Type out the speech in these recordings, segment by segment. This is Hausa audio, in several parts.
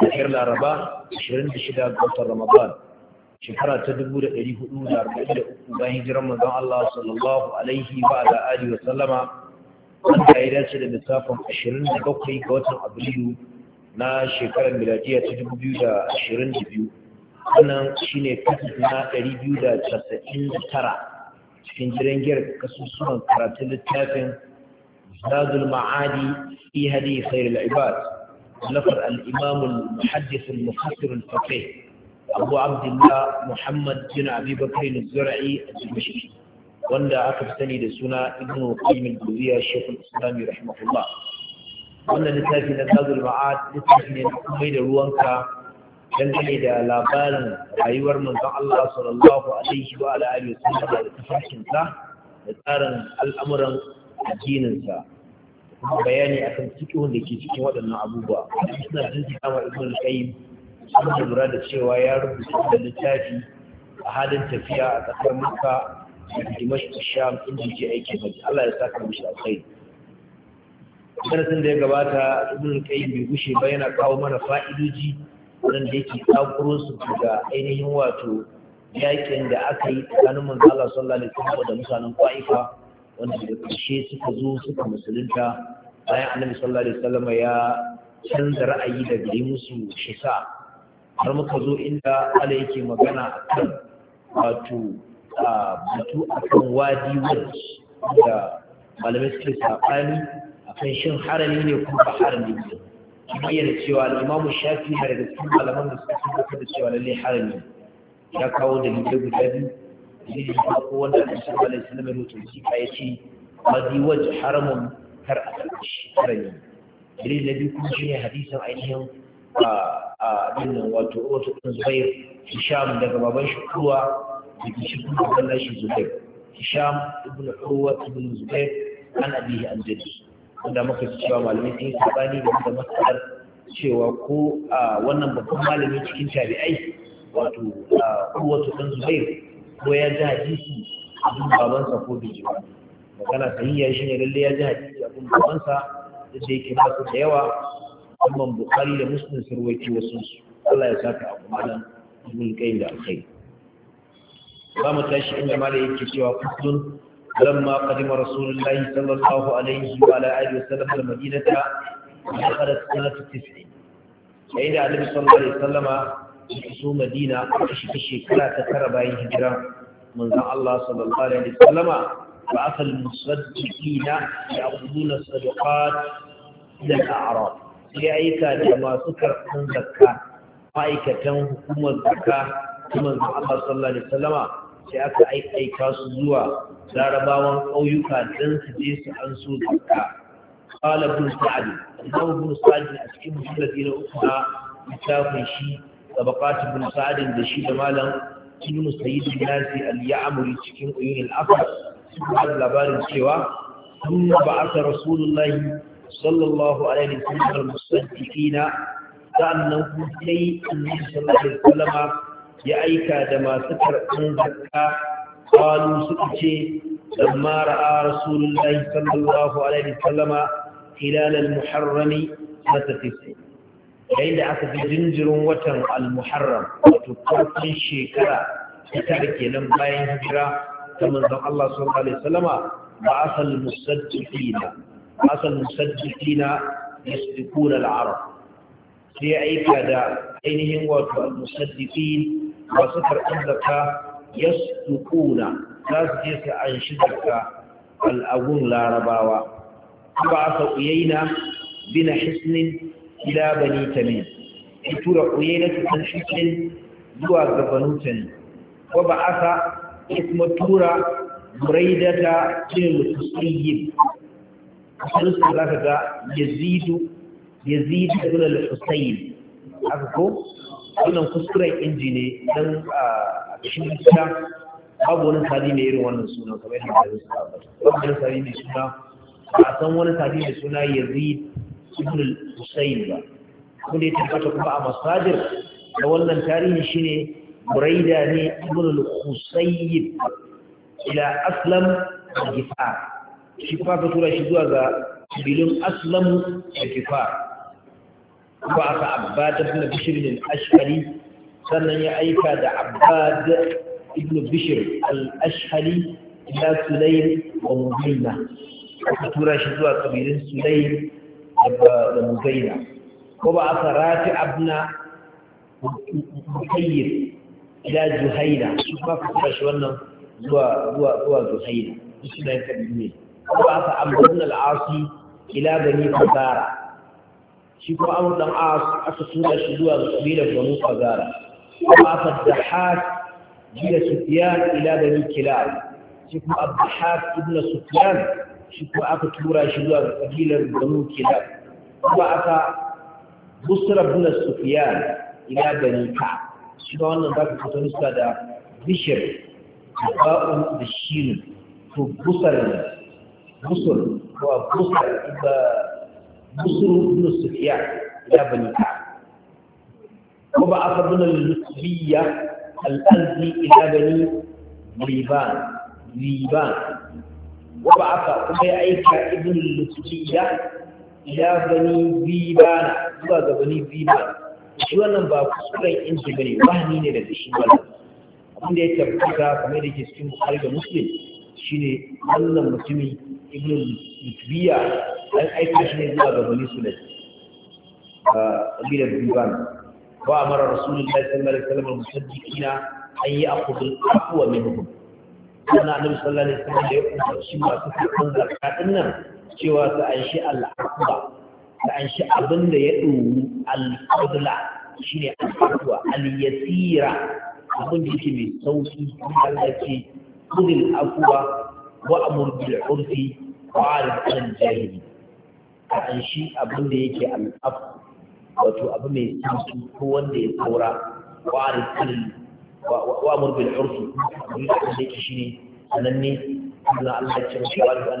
sahiyar laraba 26 ga ramadan shekara ta 1443 bayan hijiran manzon Allah sallallahu alaihi wa ala alihi wa sallama wanda ya dace da lissafin 27 ga watan abrilu na shekarar miladiya ta 2022 wannan shine kasus na 299 cikin gidan giyar kasusuwan karatun littafin zadul ma'adi fi hadi khairul ibad نفر الإمام المحدث المفسر الفقيه أبو عبد الله محمد بن أبي بكر الزرعي الدمشقي wanda aka fi sani da suna ibn qayyim al-jawziya shaykhul islam rahimahullah wannan littafi na zazul ma'ad littafi ne mai da ruwanka dangane da labarin rayuwar manzon Allah sallallahu alaihi wa alihi wa sallam da tafarkin da tsarin al'amuran addininsa. kuma bayani akan cikin da ke cikin waɗannan abubuwa suna jin su kama ibn al-qayyim sun lura da cewa ya rubuta da littafi a halin tafiya a ƙasar makka da dimashq sham inda yake aikin hajji Allah ya saka mishi alkhairi darasin da ya gabata ibn al-qayyim bai gushe ba yana kawo mana fa'idoji wannan da yake tsakuro su daga ainihin wato yakin da aka yi tsakanin manzo Allah sallallahu alaihi wasallam da mutanen Qaifa wanda da ƙarshe suka zo suka musulunta bayan annabi sallallahu alaihi wasallam ya canza ra'ayi da gari musu shisa har muka zo inda Allah yake magana akan wato batu akan wadi wadi da malamai suke saɓani akan shin harami ne ko ba harami ne bayyana cewa al-Imam Shafi'i daga cikin malaman da suka tabbatar da cewa lalle harami ya kawo dalilai guda biyu dalilin farko wanda a cikin malai sanar mai rutun sika ya ce madiwaj haramun kar a karkashi karami dalilin na biyu kuma shi ne hadisan ainihin a dinnan wato wato ɗin zubair hisham daga baban shi kuwa da ke shi kuma wannan shi zubair hisham ibn urwa ibn zubair an abihi an jaddi wanda muka ci cewa malamai sun yi sabani da matsalar cewa ko wannan babban malami cikin tabi'ai wato urwatu ɗan zubair ko ya ji hadisi abin babansa ko bai ji ba magana sahiya shi ne lalle ya ji hadisi abin babansa da yake ba su da yawa amman bukari da muslim sun rawaito wasu Allah ya saka abu malam ibn da alkhairi za mu tashi inda malam yake cewa kullun لما قدم رسول الله صلى الله عليه وعلى آله وسلم المدينة دخلت سنة التسعين فإذا النبي صلى الله عليه suka zo madina a shi shekara ta tara bayan hijira manzan Allah sallallahu alaihi wasallam ba asal musaddiqina ya abuduna sadaqat da a'rab sai aika da masu karɓar zakka ma'aikatan hukumar zakka kuma manzan Allah sallallahu alaihi wasallam sai aka aika su zuwa jarabawan ƙauyuka don su je su an so zakka قال ابن سعد a cikin سعد أسكن مشكلة إلى أخرى يتافي شيء tabaqat ibn sa'd da shi da malam ibn sayyid nasi al-ya'muri cikin uyun al-afar sun labarin cewa kuma ba'atha rasulullahi sallallahu alaihi wasallam al-musaddiqina sannan kuma sai annabi sallallahu alaihi wasallam ya aika da masu karɓar zakka qalu suka ce lamma ra'a rasulullahi sallallahu alaihi wasallam hilal al-muharrami mata tisai yayin da aka fi jinjirin watan al-muharram wato farkon shekara ta ke kenan bayan hijira ta manzon Allah sallallahu alaihi wasallama ba asal musaddiqina asal musaddiqina yasbiquna al-arab sai aika da ainihin wato al-musaddiqin wasu karɓar ka yasbiquna za su je su an shi zakka al'agun larabawa ba asa uyaina bina hisnin ila bani tamim ya tura na an shukin zuwa ga banu tamim wa ba'asa ya kuma tura buraidata bin musayyib asalin za zaka ga yazidu yazidu ibn al-husayn aka ko wannan kuskuren inji ne dan a cikin gida babu wani sadi mai irin wannan suna kamar yadda da su babu wani sadi mai suna ba a san wani sadi mai suna yazid ibn al-husayn ba kuma ya tabbata kuma a masajir da wannan tarihi shine buraida ne ibn al-husayn ila aslam al-gifar shi kuma ka tura shi zuwa ga bilin aslam al-gifar kuma aka abbad ibn bishr al-ashqali sannan ya aika da abbad ibn bishr al-ashqali ila sulaym wa mughina ka tura shi zuwa kabilin sulaym da muzaina ko ba aka rati abna mukayyir ila zuhaina su ba ka kira shi wannan zuwa zuwa zuwa zuhaina su da yanka ne ko ba aka amrun al'asi ila bani fazara shi ko amrun dan as aka tura shi zuwa kabilar bani fazara ko aka dahak ila sufyan ila bani kilab shi ko abdahak ibn sufyan shi ko aka tura shi zuwa kabilar banu kilab ba aka busra ibn sufyan ila bani ka shi ba wannan zaka fito nusa da bishir ba'un da shin to busar busur ko busar ibn busur ibn sufyan ila bani ka ba aka bin al-lutbiyya al-azdi ila bani riban riban wa aka kuma ya aika ibn lutfiya ila bani bibana zuwa ga bani bibana shi wannan ba kuskuren inji bane wani ne da shi wannan abin da ya tabbata kamar da ke cikin bukhari da muslim shine wannan mutumi ibn lutfiya an aika shi ne zuwa ga bani sulaim a gidan bibana وأمر رسول الله صلى الله عليه وسلم yi أن يأخذوا الأقوى منهم wannan annabi sallallahu alaihi wasallam da ya umarci masu karɓar zakka din nan cewa su an shi al'aqba su an shi abin da ya ɗoru al-fadla shine al-fadwa al-yasira abin da yake mai sauki Allah ce kudin afuwa wa amur bil urfi wa al jahili ka an shi abin da yake al-af wato abu mai sauki ko wanda ya saura wa al wa amur bil urfi duk da yake shine sananne Allah Allah ya wanda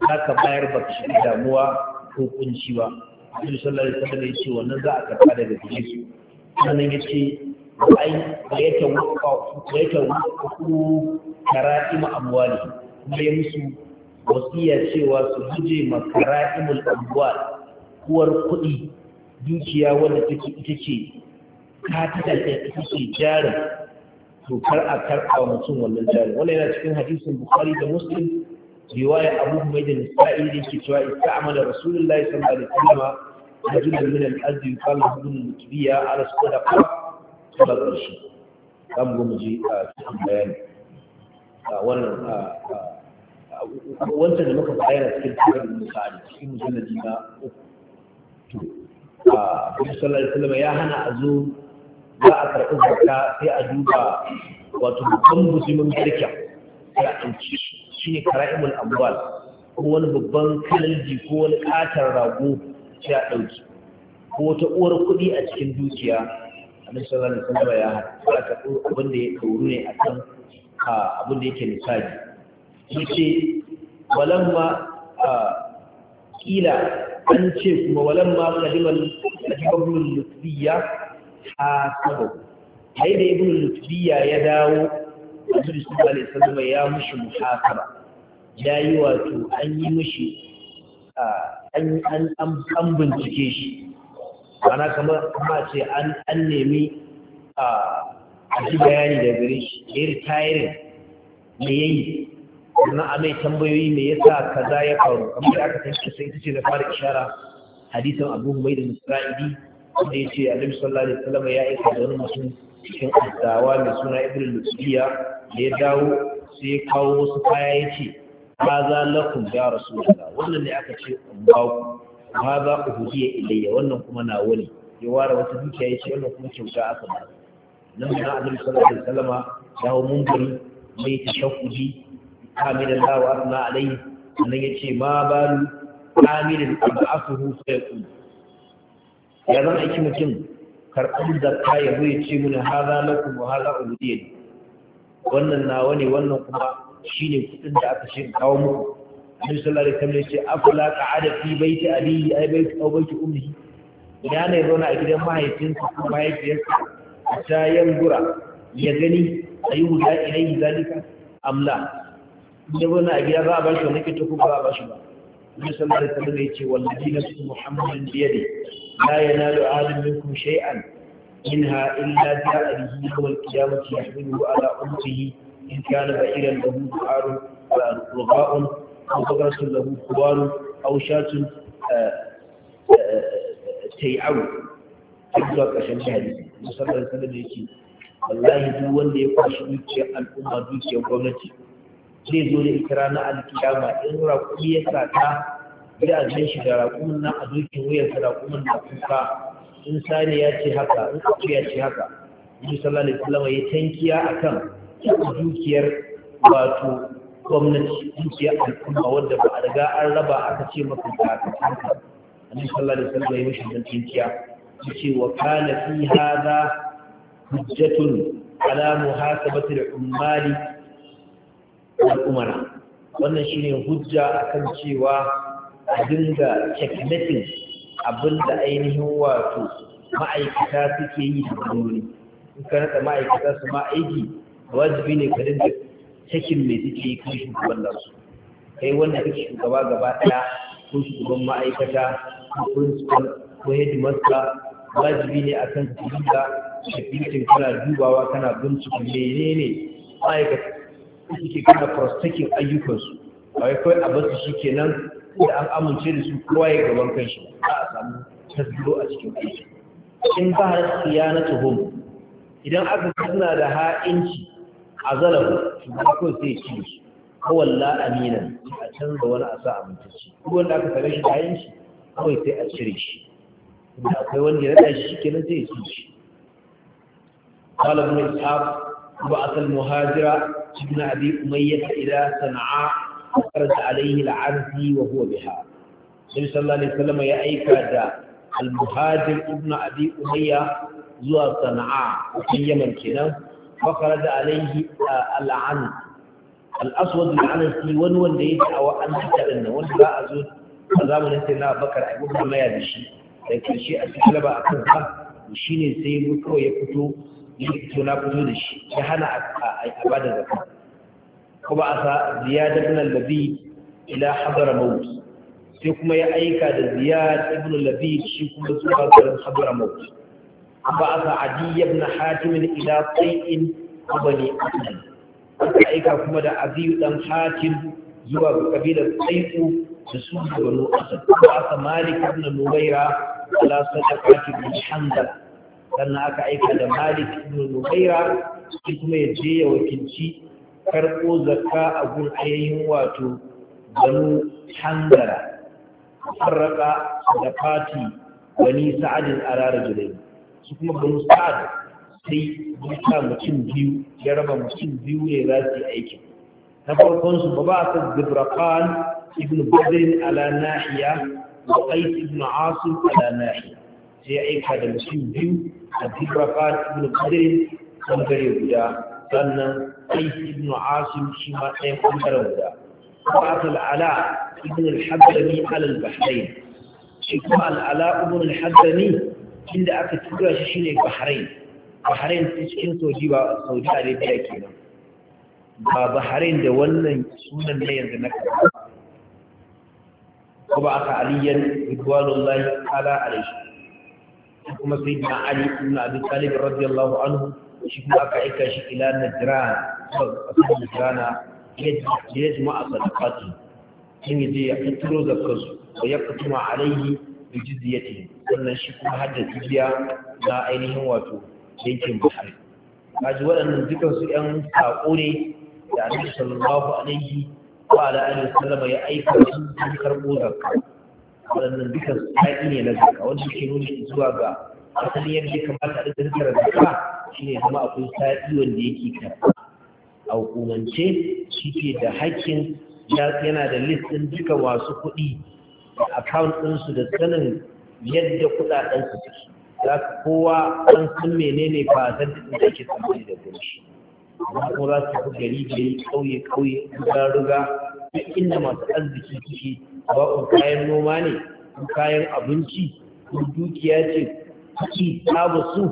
zaka bayar damuwa ko kunci ba Annabi sallallahu alaihi wasallam ya ce wannan za a karɓa daga gare su sannan ya ce ai da ya tawaffa da ya wuƙa ku karaimu amwali ne musu wasiya cewa su guje ma kara'imul amwal kuwar kuɗi dukiya wanda take ita ce ta da ita ce jarin to kar a karɓa mutum wannan jarin wannan yana cikin hadisin bukhari da muslim riwaya abu mai da nisa'i da ke cewa ita amala rasulullahi sallallahu alaihi wasallam رجل من الأرض يقال له ابن المتبية على الصدقة سبب الرشيد كم جمجي cikin bayani ah, wannan ah, ah, wancan da muka bayana cikin da misali cikin mujallaji na uku to Abu sallallahu alaihi wasallam ya hana a zo za a karɓi zakka sai a duba wato babban musulmin garkiya sai a ɗauki shi shi ne kara'imul amwal ko wani babban kalalji ko wani katar rago ya ɗauki ko wata uwar kuɗi a cikin dukiya annabi sallallahu alaihi wasallam ya haɗa ka abin da ya kauru ne akan abin da yake ce. Walan walamma ƙila an ce kuma walamma kadiman kadiman lutbiya a sabo sai da ibn lutbiya ya dawo annabi sallallahu alaihi wasallam ya mushi muhasaba ya yi wato an yi mushi an bincike shi ana kamar kuma an nemi a bayani da gare shi ya retiring me yayi a mai tambayoyi me yasa kaza ya faru kamar da aka tashi sai ita ce na fara ishara hadisin abu mai da musra'idi wanda ya ce annabi sallallahu alaihi wasallam ya aika da wani mutum cikin addawa mai suna ibn lutfiya da ya dawo sai ya kawo wasu kaya ya ce haza lakum ya rasulullah wannan ne aka ce ubaku ba ku haza uhudiya ilayya wannan kuma na wani ya ware wata dukiya ya ce wannan kuma kyauta aka ba nan da annabi sallallahu alaihi wasallam ya hawo mumbari mai tashakkudi hamidan lawa asna alaihi Wannan ya ce ma balu hamidan abu asuhu sai ya ya zama aiki mutum karɓar zakka ya zo ya ce mini haza lakum wa haza ne. wannan nawa ne wannan kuma shine kudin da aka shi kawo muku Annabi sallallahu alaihi wasallam ya ce ka ada fi baiti abihi ay baiti aw baiti ummihi ya ne zauna a gidan mahaifinsa ko mahaifiyarsa a ta yangura ya gani ayyuhu da ilayhi zalika amla ya zauna a gida za a bashi wani kita ko ba a bashi ba Annabi sallallahu alaihi wasallam ya ce wallahi nafsu muhammadin biyadihi لا ينال أحد منكم شيئا منها إلا جاء به يوم القيامة يحمله على أمته إن كان بعيرا له دعار رغاء أو بقرة له خوان أو شاة تيعو تبقى كشان حديث صلى الله عليه وسلم يقول wallahi duk wanda ya kwashi dukiyar al'umma dukiyar gwamnati zai zo da ita ranar alkiyama in raƙumi ya sata gidajen shi da raƙumin nan a dokin wuyarsa raƙumin na kuka in sare ya ce haka in kafu ya ce haka Nabi sallallahu alaihi wasallam ya tankiya akan dukiyar wato gwamnati dukiyar al'umma wadda ba a riga an raba aka ce maka da aka tanka Nabi sallallahu alaihi wasallam ya mishi dan tankiya yace wa kana fi hadha hujjatun ala muhasabati al-ummali wal umara wannan shine hujja akan cewa a dinga checkmating abin da ainihin wato ma'aikata suke yi da wuri, in ka nata ma'aikata su ma'aiki wajibi ne ka dinga cikin mai suke yi kan shugaban nasu kai wanda kake shugaba gaba ɗaya ko shugaban ma'aikata ko principal ko hedimasta, wajibi ne a kan su dinga shafifin kana dubawa kana bincika menene ma'aikata suke kana prostaking ayyukansu a wai kawai a basu shi kenan da an amince da su kowa ya gaban kanshi ba a samu tasiro a cikin aiki in ba har na tuhum idan aka suna da ha'inci a zalahu to ba ko sai ci su kawalla aminan a canza wani a sa amintacci duk wanda aka sare shi da ha'inci kawai sai a cire shi inda akwai wanda ya rada shi kenan sai ya ci shi قال ابن إسحاق وبعث المهاجر ابن أبي أمية إلى صنعاء farta alaihi al'arzi wa huwa biha nabi sallallahu alaihi ya aika da al-muhajir ibnu abi umayya zuwa sana'a a yaman kenan fa farata alaihi al'an al-aswad wani wanda ya tawa an tata din nan wanda za a zo a zamanin sai na bakar abu da maya da shi da kirshe a cikin laba a kan ka shine sai mutuwa ya fito ya fito na fito da shi ya hana a bada zakar kuma asa ziyadar nan labi ila hadara maut sai kuma ya aika da ziyad ibn labi shi kuma zuwa garin hadara maut ba a sa adi yabna hatimin ila tsayin abani abin aka aika kuma da abi ɗan hatim zuwa ga kabilar tsayu da su da wani asad ba a sa malik ibn lubaira ala sadaka ki bin hanzal sannan aka aika da malik ibn lubaira shi kuma ya je ya wakilci karɓo zakka a gun wato banu hangara farraka da fati bani sa'adin arara jirai, su kuma banu sa'ad sai duka mutum biyu ya raba mutum biyu ne za su yi aiki na farkon su ba ba ta zibrakan ibn badrin ala nahiya wa qais ibn asim ala nahiya sai ya aika da mutum biyu a zibrakan ibn badrin bangare guda sannan قيس بن عاصم شما أي قنبر ودا العلاء ابن الحضرمي على البحرين شكوى العلاء ابن الحضرمي عند أكتبرا شين البحرين بحرين تشكين توجيبا سعودي عربية كنا بحرين دي ولن سونا لين ذنكر وبعث عليا رضوان الله تعالى عليه kuma سيدنا علي بن ابي طالب رضي الله عنه kuma aka aika نجران akan gana ya jima a sadakati sun yi je ya kattaro zakarsu da ya kutuma alaihi da jizyati Wannan shi kuma har da jibiya na ainihin wato yankin buhari kaji waɗannan dukansu ‘yan saƙo ne da annabi sallallahu alaihi wa ala alihi sallama ya aika su sun karɓo zakka waɗannan dukan saƙi ne na zakka wanda ke nuni zuwa ga asalin yadda ya kamata a ɗaukar zakka ne zama akwai saƙi wanda yake karɓa a hukumance shi ke da hakkin yana da listin duka wasu kuɗi da akawuntinsu da sanin yadda kuɗaɗen su suke za ka kowa an san menene ba san da ake tsammani da gunshi amma kuma za su fi gari gari ƙauye ƙauye ruga ruga duk inda masu arziki suke ba kayan noma ne kayan abinci ku dukiya ce kuɗi ba su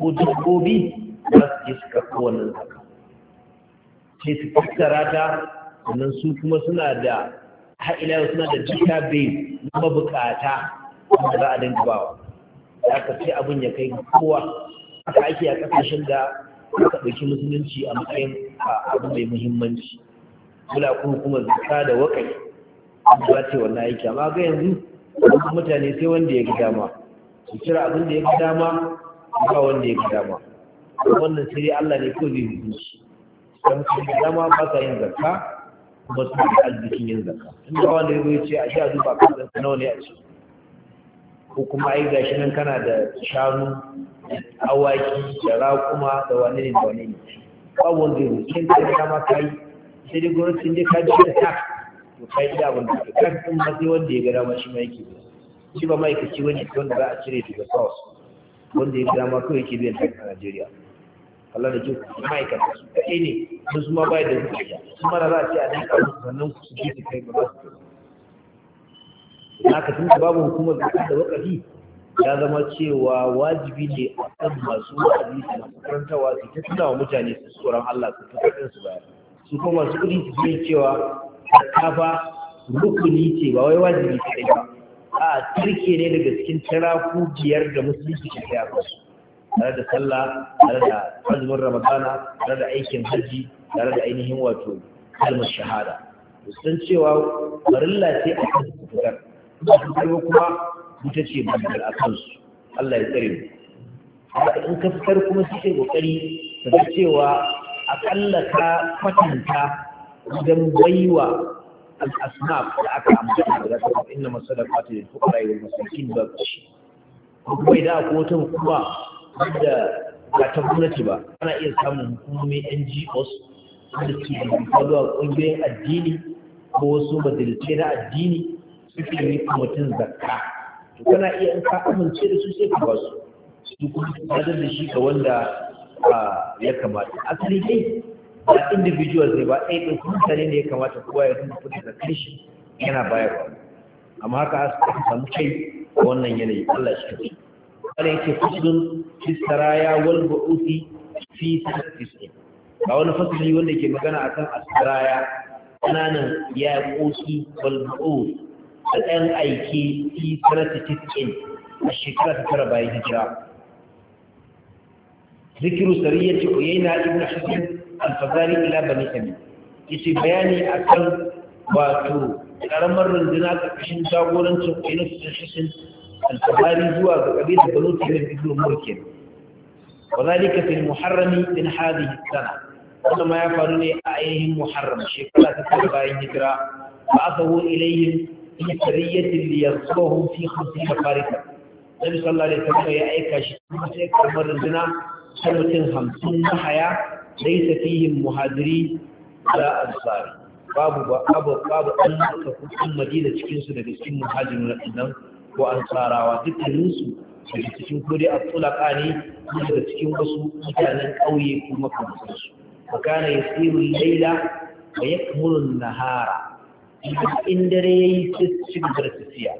ko dabbobi za su je su karɓi wannan zaka sai su tattara ta sannan su kuma suna da ha'ila suna da jika na mabukata wanda za a dinga ya ka ce abin ya kai kowa aka ake a kasashen da ka ɗauki musulunci a matsayin abu mai muhimmanci kula kuma kuma zuka da wakai ba ce wannan aiki amma ga yanzu wasu mutane sai wanda ya ga dama su kira abin da ya ga dama ba wanda ya ga dama wannan sai dai Allah ne ko zai hukunci da mutane da dama ba sa yin zakka kuma su da arzikin yin zakka in ba wanda ya ce a sha duba kasan nawa ne a ce ko kuma ai gashi nan kana da shanu awaki da raƙuma da wani ne da wani ne Ba wanda ya wuce da ya kama kai sai dai gwamnati inda ka ji da tak to kai da abin da ka kan kuma ma sai wanda ya ga dama shi ma yake shi ba ma'aikaci wani wanda za a cire daga sauce wanda ya ga dama kawai ke biyan tak a Najeriya Allah da ke ma'aikata su kai ne mun zuma bai da suke kuma su za a ce a nan ƙarfi sannan su ji su kai ba za su kai tun da babu hukumar zaɓen da ya zama cewa wajibi ne a kan masu wa'azi da masu su ta tunawa mutane su tsoron Allah su fitar ɗin su baya su kuma masu kuɗi su ji cewa ta fa rukuni ce ba wai wajibi ce ba a tirke ne daga cikin taraku biyar da musulunci ke kai a kansu tare da sallah tare da azumin ramadana tare da aikin hajji tare da ainihin wato kalmar shahada sun cewa farilla ce a kan fitar su fitar kuma ita ce bandar a kansu Allah ya tsare mu in ka fitar kuma su ke kokari su ga cewa akalla ka kwatanta idan baiwa al da aka amfana da zaka inna masadaqatu lil fuqara masu masakin ba kuma idan akwai wata hukuma wadda ba ta gwamnati ba ana iya samun hukumomi ngos wanda ke da zuwa ƙungiyoyin addini ko wasu majalisai na addini suke yi mutum zakka to kana iya in ka amince da su sai ka ba su su kuma sadar da shi ga wanda ya kamata asali dai ba individual ne ba ɗaya ɗin mutane ne ya kamata kowa ya rinka kuɗi da kanshi yana bayarwa amma haka aka samu kai wannan yanayi Allah shi kace wani yake fasulun fisaraya wal ba'uti fi tasiri ga wani fasuli wanda ke magana akan asaraya ƙananan yaƙoƙi wal ba'uti da ɗan aiki fi sanata tiskin a shekara ta tara bayan hijira zikiru sariyar ce uyaina ibn hasan alfazari ila bani tamim yace bayani akan wato karamar rundunar ƙarƙashin jagorancin uyaina ibn hasan al-tabari zuwa ga kabilar banu tamim ibn murkin wa zalika fil muharram min hadhihi sana wannan ma ya faru ne a ainihin muharram shekara ta tara bayan hijira fa asahu ilayhim fi sariyatin li yasuhum fi khamsina farisa nabi sallallahu alaihi wasallam ya aika shi sai kamar rundunar ta mutum hamsin mahaya laisa fihim muhajiri da ansari babu ba abu babu an maka hukun madina cikin su daga cikin muhajirin nan ko ansarawa dukkaninsu daga cikin ko a atsulaka ne ko daga cikin wasu mutanen ƙauye ko makamantansu makana ya tsiru laila wa ya nahara in dare ya yi cikin garfisiya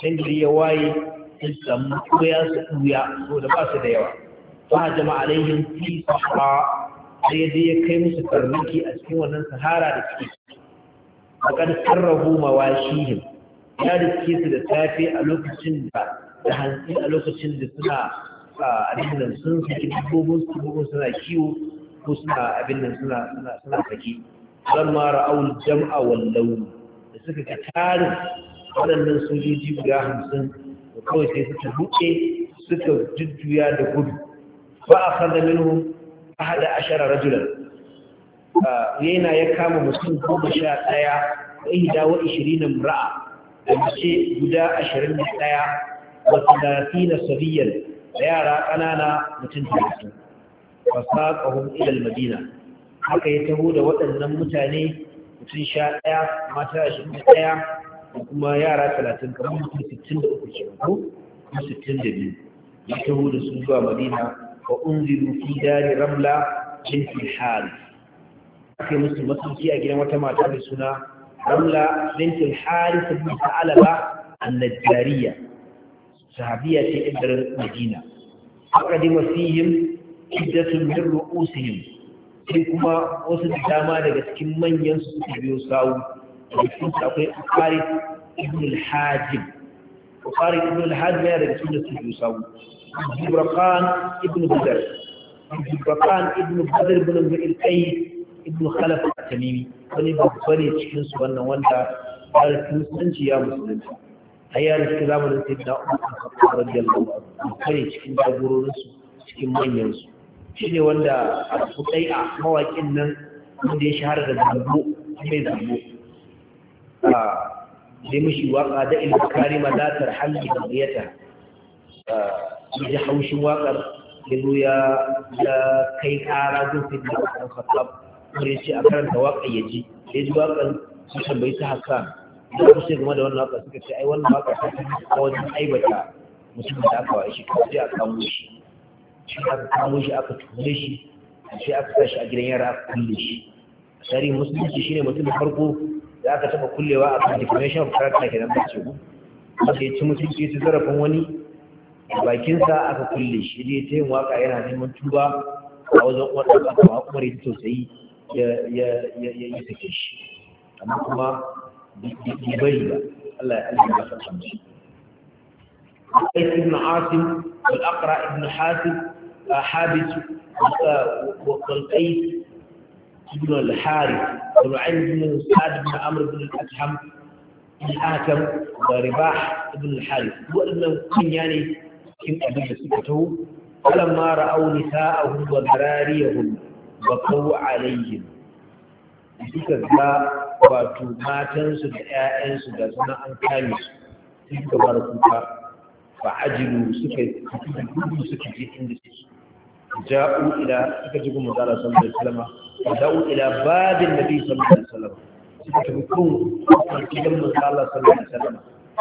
can gari ya waye sun samu koya su ɗuya so da ba su da yawa ba a jama'a alayhim fi sahara sai dai ya kai musu farmaki a cikin wannan sahara da suke a kan sarrafu mawashihim ya rike su da safe a lokacin da da hantsi a lokacin da suna abin nan sun saki dabbobin su ko suna kiwo ko suna abin nan suna suna suna saki zan ma ra'aul jam'a wal launi da suka ka tarin waɗannan sojoji guda hamsin da kawai sai suka buɗe suka jujjuya da gudu ba a kan zaminu a haɗa ashara rajulan yana ya kama mutum goma sha ɗaya ɗaya wa ishirin mura'a da mace guda ashirin da ɗaya wa talafi na sabiyyar da yara ƙanana mutum talatin fa saƙahum ilal madina haka ya taho da waɗannan mutane mutum sha ɗaya mata ashirin da ɗaya da kuma yara talatin kamar mutum sittin da uku kenan ko sittin da biyu ya taho da su zuwa madina wa unziru fi dari ramla jinsi hari aka yi musu masauki a gidan wata mata da suna ramla bintul harith ibn sa'alaba an-najjariya sahabiya ce ibn madina aqadima fihim iddatun min ru'usihim sai kuma wasu dama daga cikin manyan su suka biyo sawu da cikin akwai harith ibn al-hajib harith ibn al ya yana daga cikin su biyo sawu Jibrakan ibn Badr Jibrakan ibn Badr ibn Al-Qayyim ibn khalaf tamimi wani babba ne cikin su wannan wanda ya rufe musulunci ya musulunci a ya rufe zamanin sai da umar khattab radiyallahu anhu kare cikin jagororin su cikin manyan su shine wanda al-qudai'a mawakin nan wanda ya shahara da zambo mai zambo zai mishi waka da ilbukari ma latar halli da biyata a ji haushin wakar ya zo ya kai kara zurfin da kan khattab umar ya ce a karanta waƙa ya ji ya ji waƙar su tambayi ta haka da ku ce game da wannan waƙa suka ce ai wannan waƙa ta fi a wajen aibata mutumin da aka wa shi ka sai a kamo shi shi aka kamo shi aka tuhume shi sai aka sa shi a gidan yara aka kulle shi a tsari musulunci shine mutumin farko da aka taɓa kullewa a kan defamation of character kenan ba ce wanda ya ci mutunci su zarafin wani bakinsa aka kulle shi ne ta yin waka yana neman tuba a wajen wadda aka wa kuma rinto sai ya sake shi amma kuma bai bari ba Allah عاصم والأقرع ابن حاسب حابس والقيس ابن الحارث والعين بن سعد بن عمرو بن الأكحم الحاكم ورباح بن الحارث وإنه كان يعني كم أبي سكته فلما رأوا نساءهم وذراريهم bakawu alayhim suka ga wato matansu da 'ya'yansu da suna an kame su suka bar kuka fa ajilu suka yi gudu suka je inda suke ja'u ila suka ji kuma zara sallallahu alaihi wasallam ja'u ila babin nabi sallallahu alaihi wasallam suka tafi kun gidan manzo Allah sallallahu alaihi wasallam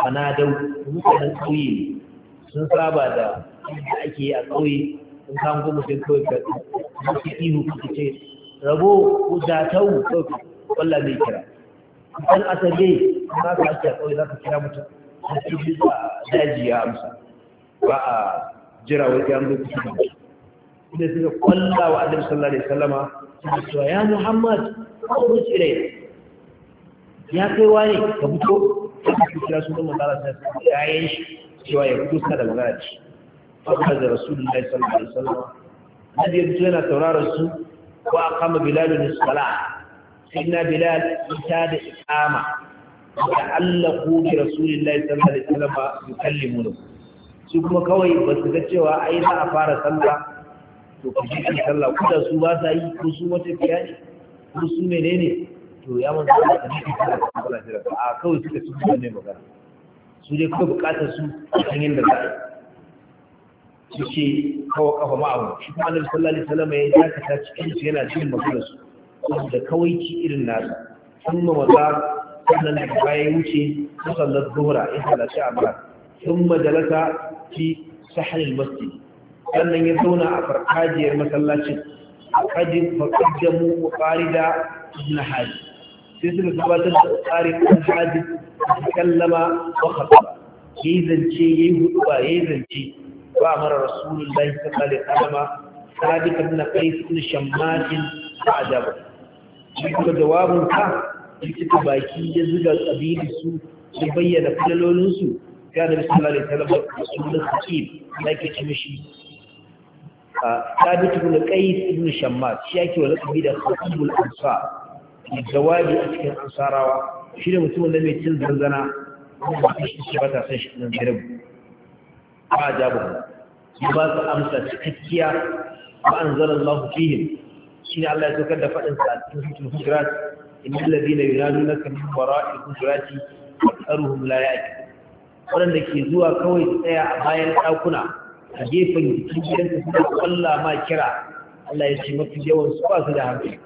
ana da mutanen ƙauye sun saba da ake a ƙauye in ka hango mutum kawai ka mutu ihu kuka ce rabo kudatau kawai wallah zai kira dan asali ba ka ake kawai za ka kira mutum da su bisa daji ya amsa ba a jira wani an zo kusa da shi inda suka kwalla wa adam sallallahu alaihi sallama suka cewa ya muhammad kawo tsirai ya kai wani ka fito ka kira sunan manzara sai ya yi shi cewa ya fito sa da magana ce faɗa da rasulullahi sallallahu alaihi wasallam nabi ya fito yana tauraron su ko aqama bilal as-sala sayyidina bilal ita da iqama wa allahu bi rasulillahi sallallahu alaihi wasallam yukallimuna su kuma kawai ba su ga cewa ai za a fara sallah to ku ji sallah ku da su ba sa yi ko su wata fiya ne ko su menene to ya mun zama da ne da sallah jira a kawai suka ci ne magana su dai kawai bukatar su a cikin da za a yi yake kawo kafa ma'abu shi kuma annabi sallallahu alaihi wasallam ya dakata cikin su yana cikin magana su saboda kawaici irin nasa sun ma maza sannan da baya wuce ta sallar zuhra ya halarci a mara sun majalasa fi sahalin masjid sannan ya zauna a farkajiyar masallacin kadin faƙaddamu wa ƙarida ibn hajji sai suka gabatar da tsari ibn hajji a kallama wa khataba yayi zance yayi hudu ba yayi zance وأمر رسول الله صلى الله عليه وسلم ثابت بن قيس بن شماس فأجابه kuma jawabin ka cikin baki ya zuga kabili su ya bayyana falalolin su ya da sallallahu alaihi wasallam sunan hakim yake ce mishi ثابت بن قيس بن شماس شاكي ولا قبيله خطيب الانصار الجوابي اتكن انصاراوا شنو mutumin da mai cin zanzana ba shi shi ba ta san shi nan garbu ba ba su amsa cikakkiya ba an zara Allah shi ne Allah ya tokar da faɗin sa cikin hukumar hujurat inda allazi na yunanu na kamar bara a hujurati a tsaruhun layaki waɗanda ke zuwa kawai su tsaya a bayan dakuna, a gefen jikin gidansu suna kira Allah ya ce mafi yawan su ba da hankali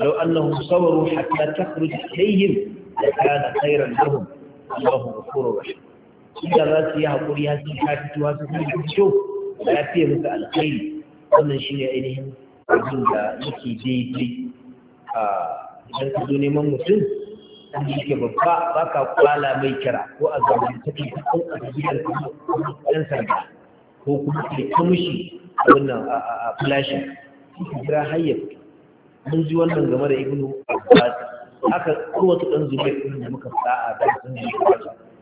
lau annahu sabaru hatta takhruj ilayhim la kana khayran lahum Allahu ghafurur rahim idan za su yi hakuri har sun ka sun yi kyau ya musu alkhairi wannan shi ne ainihin abin da yake daidai a idan ka zo neman mutum wanda yake babba ba ka kwala mai kira ko a zamani ta ke a zabiyar sanda ko kuma ke kamushi a wannan a flashin suka kira hayyar mun ji wannan game da ibnu abbas haka kowace ɗan zubai ɗin da muka sa'a da ɗan yi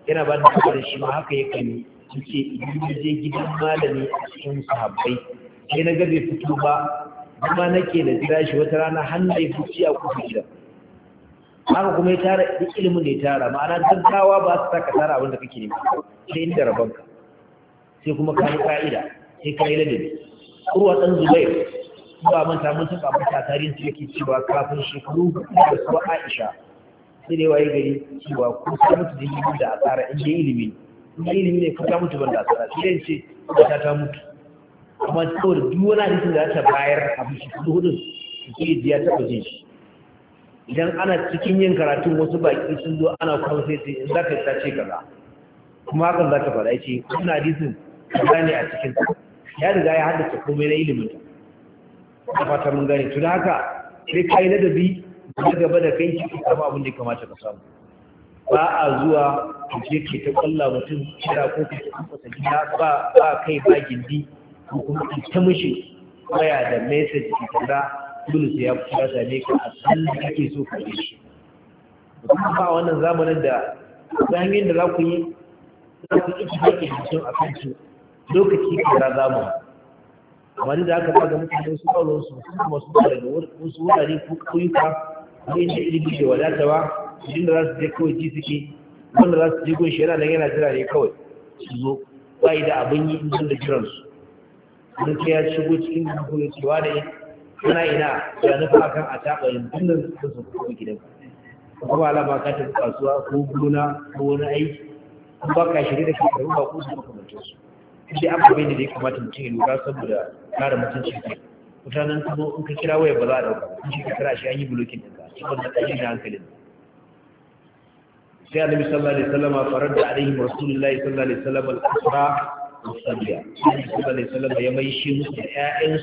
yana ba da shi ma haka ya yi yace idan ya je gidan malami a cikin sahabbai sai na ga bai fito ba kuma nake da jira shi wata rana har na yi a kusa gidan haka kuma ya tara da ilimin da ya tara ma'ana gaggawa ba su saka tara abin da kake nema sai inda ka sai kuma ka yi ka'ida sai ka yi ladabi kurwa ɗan zubair ba ta mun saka mata tarihin su yake cewa kafin shekaru da su Aisha sai dai waye gari cewa ko sai mutu da da a tsara ilimi na ilimi ne ka mutu ban da asara ce ka ta mutu amma saboda duk wani hadisin da ta bayar a shi kudu hudun ke ji ya taɓa jin shi idan ana cikin yin karatun wasu baƙi sun zo ana kawo sai sai in za ka ta ce kaza kuma hakan za ka faɗa ce wani hadisin ka gane a cikin ya riga ya haddace komai na ilimin ta fata mun gane to da haka sai ka yi ladabi gaba da kai ki samu abin da ya kamata ka samu ba a zuwa kuje ke ta kwallo mutum kira ko ka kuma gida ba a kai ba gindi ko kuma ta mishi waya da message ki tara dole sai ya fara da ne ka asalin da kake so ka yi shi kuma ba wannan zamanin da hanyar da za ku yi za ku yi haƙƙin mutum a kan su lokaci kaza zamu kamar da aka ga mutane su kawo su kuma su wasu wurare ko ƙauyuka ko inda ilimi da wadata ba jin da za su je kawai ci suke wanda za su je gun shi yana nan yana jira ne kawai su zo bai yi da abin yi in da jiransu wani sai ya shigo cikin da kuma cewa da yana ina ya nufa akan a taɓa yin dinnan su su kuma gidan kuma alama ka ta kasuwa ko gona ko wani aiki an ba ka shirye da shekaru ba ko su su. shi an bai da ya kamata mutum ya lura saboda kare cikin kai mutanen kuma in ka kira waya ba za a dauka in shi ka kira shi an yi bulokin ɗinka cikin da ɗari na hankalin جاء النبي صلى الله عليه وسلم فرد عليهم رسول الله صلى الله عليه وسلم الأسرى والصبية النبي صلى الله عليه وسلم يميشي مسيحائنس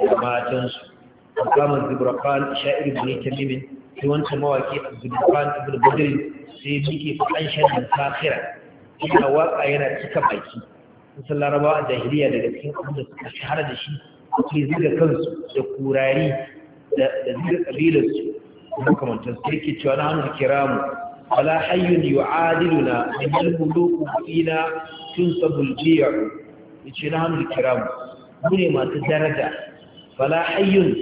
وماتنس وقام الزبرقان شائر بن تميم في وانت مواكي الزبرقان ابن بدر سيبكي فأنشد من ساخرة إلا واقع ينا تكبعيكي مثل الله رواء جاهلية لكي أبدا سكشهر دشي وفي ذلك كنس دكوراري ذلك قبيلة ومكمن تنسيكي تشوانان الكرام wala hayyun yu'adiluna min al-muluku ina tunsabul ji'u yace na hamdu kiram mu ne masu daraja wala hayyun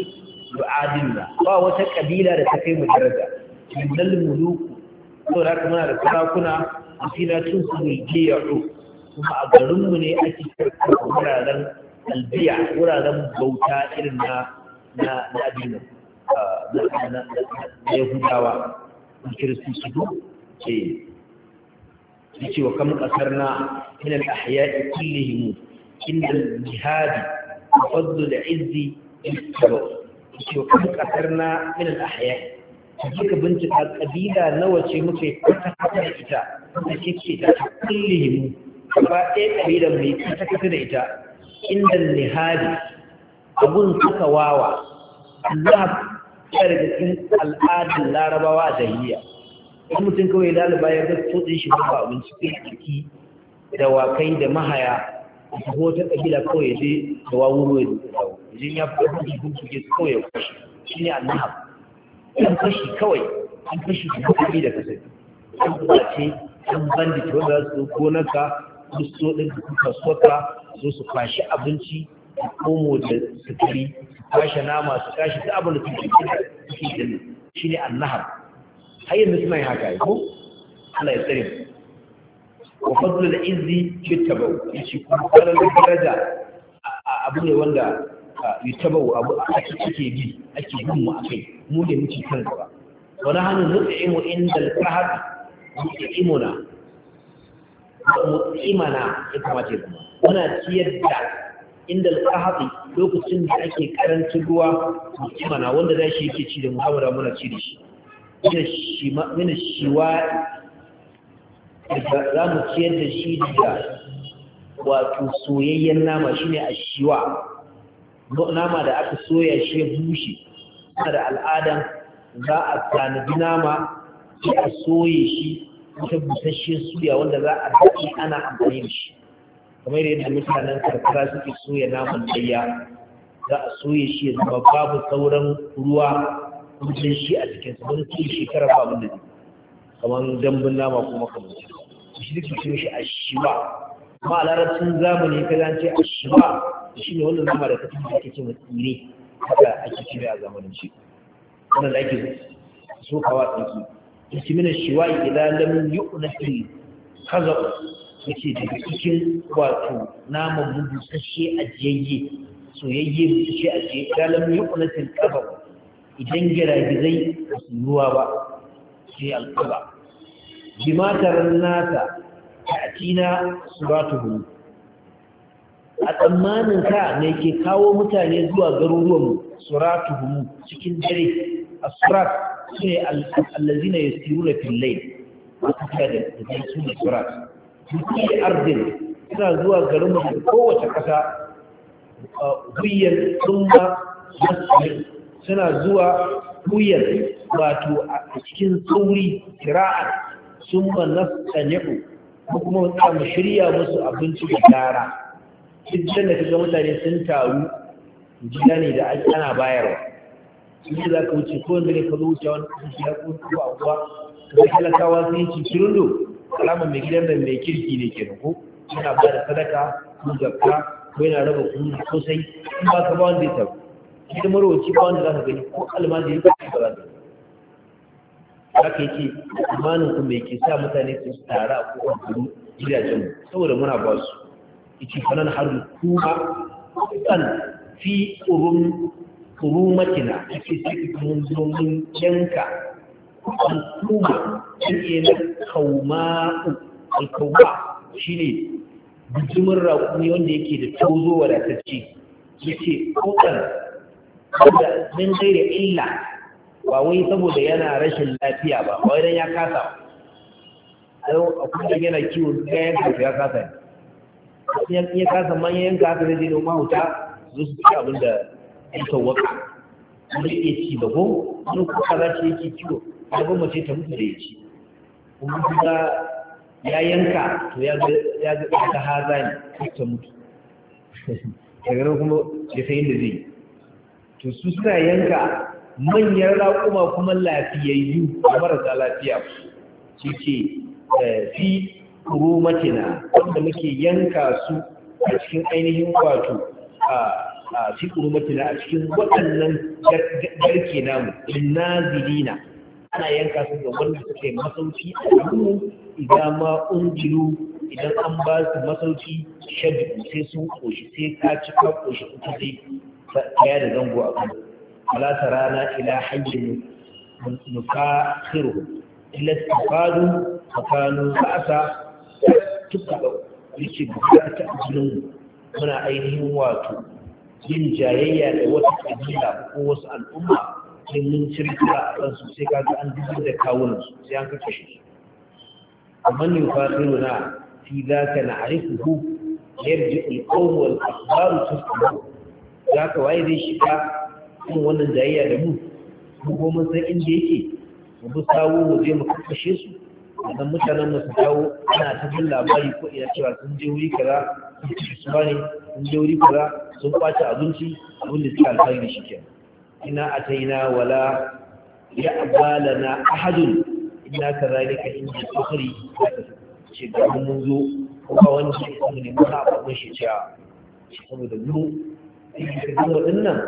yu'adiluna ba wata kabila da ta kai mu daraja min al-muluku to da kuma da sarakuna ina tunsabul ji'u kuma a garinmu ne ake karkar wuraren albiya wuraren bauta irin na na na kiristoci ce yace wa kam qasarna min al-ahya'i kullihim inda al da fadl al-izz yattabu yace wa kam qasarna min al-ahya'i kika bincika ƙabila nawa ce muke kwata kwata da ita ce ta da kullihim ba ɗaya ƙabila mai kwata kwata da ita inda al-jihad abun saka wawa Allah yana da cikin al'adun larabawa a jahiliya wani mutum kawai lalaba ya ga tsotsin shi ba abinci kai ciki da wakai da mahaya da wata kabila kawai ya je da wawuro ya dawo idan ya fi ɗaukar jikin kuke kawai ya kwashe shi ne annaha ɗan kashi kawai an fashi da kuɗi da kasai an kwace an bandit wanda za su ka, su so ɗin kasuwarka zo su kwashi abinci ko komo da sukari kwashe nama su tashi ta abin da suke suke gani shi ne annahar har yanzu suna yin haka ko ana yi tsare wa fadlu da izzi bi tabau yace kuma kalan daraja abu ne wanda yi tabau abu ake ake bi ake bin mu kai mu ne muke kan gaba hannun nahnu nut'imu inda al-qahar nut'imuna mu'imana ya kamata ya zama muna ciyar da inda al-qahati lokacin da ake karancin ruwa mana wanda za shi yake ci da muhammad muna ci da shi ina shi ma ina shi za mu ciyar da shi da wato soyayyen nama shine shiwa nama da aka soya shi ya bushe da al'adan za a tanadi nama sai a soye shi wata busasshen suya wanda za a daɗi ana amfani da shi kamar yadda mutanen karkara suke soya naman layya za a soya shi ya zama babu sauran ruwa kujin shi a cikin su wani kuma shekara ba abin da ne kamar dambun nama kuma kamar shi duk shi shi a shiwa kuma a larabcin zamani ka zan ce a shiwa shi ne wannan nama da ka tafi ake ce tsire haka ake ce a zamanin shi wannan da ake sokawa tsaki yasmina shiwa idan lam yu'nati kaza yake daga cikin wato naman mu sashe a jiyayye soyayye sashe a jiyayye galan yukunatin kaba idan giragizai ba su ruwa ba sai alkaba jimatar nasa ta atina suratuhu a tsammanin ka ne ke kawo mutane zuwa garuruwan hulu cikin dare a surat ne allazina yasiruna da fillai a tafiya da su ne surat bikin ardin suna zuwa garin mu kowace ƙasa huyyar tsumba suna zuwa huyyar wato a cikin sauri kira'ar tsumba na tsani'u ko kuma wata mu shirya musu abinci da gara duk da kaga mutane sun taru gida ne da ana bayarwa shi za ka wuce ko wanda ne ka zo wuce wani kusa ya kusa ba kuwa ka kala talakawa sun yi cikin kalamar mai gidan nan mai kirki ne ke ko suna ba da sadaka ko zakka ko yana raba kuma sosai in ba ka ba wanda ya tabu shi da marwaci ba wanda za ka gani ko almajiri ba ka gani haka yake imanin ku mai ke sa mutane su tara a kowar gudu gidajen saboda muna ba su yake fanan har kuma kan fi tsoron kurumatina yake sai kuma zo mun yanka al tuma ne na kauma'u alkauma shi ne bijimin raƙumi wanda yake da tozo wadatacce ya ce ƙoƙar wanda min gaira illa ba wai saboda yana rashin lafiya ba ba wai ya kasa ayo a kuma yana kiwon kayan kasa ya kasa ne ya kasa manyan kasa zai da wuta, zo su ci abin da ya tawaka wani iya ci da ko wani kuka za shi yake kiwo ya mace ta mutu da ya ci kuma kuma ya yanka to ya ga ta haza ne ta mutu daga nan kuma ya sayin da zai to su suna yanka manyan raƙuma kuma lafiyayyu a marasa lafiya su ce eh, fi matina, wanda muke yanka su a cikin ainihin wato a cikin matina a cikin waɗannan garke namu innazirina ana yanka su ga wanda suke masauki a hannu idan ma unjilu idan an ba su masauki shabi sai sun koshi sai ka ci ka koshi uku sai ɗaya da zango a kan alata rana ila hajjin nufa khiru ila tafadu tsakanin ba'asa tuka da yake bukata ta jinin muna ainihin wato yin jayayya da wata kabila ko wasu al'umma sai mun cirkira a kansu sai kaga an dubu da su sai an kaka shi amma ne fasiru na fi za ka na arifuhu yarji alƙawar akbaru tuskuru za ka waye zai shiga cikin wannan jayayya da mu mu ko mun san inda yake mu bi sawo mu je mu kakkashe su idan mutanen mu su dawo ana ta jin labari ko ina cewa sun je wuri kaza sun ci su bane sun je wuri kaza sun kwace abinci abin da suka alfahari da shi kenan ina ataina wala ya abalana ahadun ina ka zalika inda tsari ce ga mun zo kuma wani shi kuma ne kuma a kuma shi cewa da mu ka gama dinnan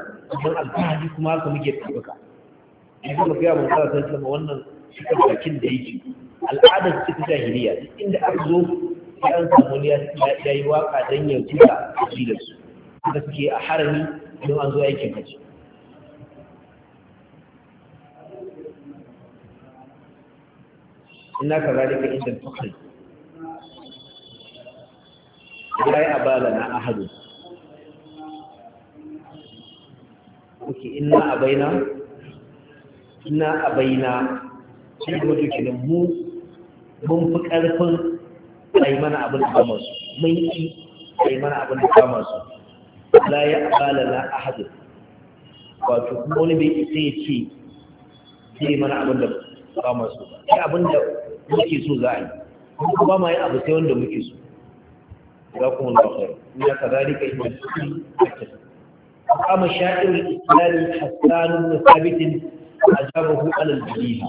don alfahari kuma haka muke tabbaka in kuma ga mun sa san cewa wannan cikin bakin da yake al'adar cikin jahiliya inda an zo ya an samu ya yi waka dan ya tuka da su da suke a harami don an zo aikin haji inna ka zalika inda fakri ya yi abala na ahadu a inna Ina inna abaina shi kuma dukkanin mu mun fi ƙarfin ai mana abin da ba masu, mun ki ai mana abin da ba masu. la ya abala na ahadu wato kuma wani bai isa ya ce zai mana abin da kama su ba abin da muke so za a yi ba ma yi abu sai wanda muke so za ku wani bakwai ina ka zalika ina cikin hakan kama sha'irar islami hassanun na sabitin a jabahu alal jiriha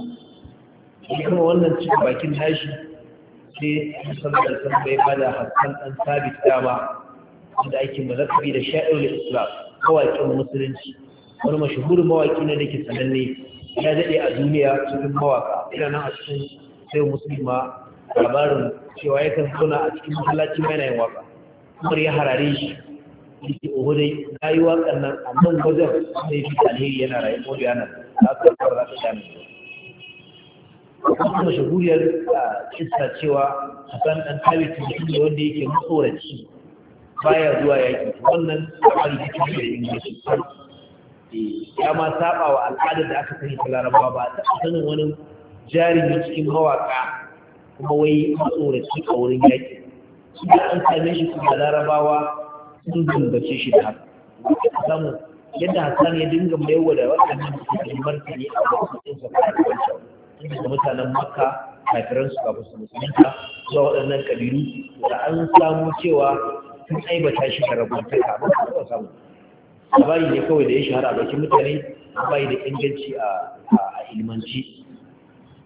shi kuma wannan cikin bakin hashi sai musamman da san bai bada hassan an sabit dama wanda ake mazakabi da sha'irar islam mawaƙin musulunci wani mashahurin mawaƙi ne da ke sananne ya daɗe a duniya cikin mawaƙa ina nan a cikin sai musulma labarin cewa ya kan zauna a cikin masallaci mai na yin waka kamar ya harare shi yake oho dai na yi wakan nan a nan wajen sai fi alheri yana rayu ko da yana da aka kawar da ta dami kuma a cikin cewa hasan dan tabi shi ne wanda yake matsoraci baya zuwa yaƙi wannan labari da cikin da inganci eh, ya ma saba wa al'adar da aka sani ta larabawa ba a sanin wani jarumi cikin mawaka kuma wai matsoraci a wurin yaƙi da an same shi kuma larabawa sun zambace shi da haka samu yadda hassan ya dinga maiwa da waɗannan suke martani a wasu ɗinsa kwanci inda da mutanen makka kafiran su kafin su musulunta zuwa waɗannan kabilu da an samu cewa sun aibata shi da ta kafin su samu labari ne kawai da ya shahara a bakin mutane bai da inganci a ilmanci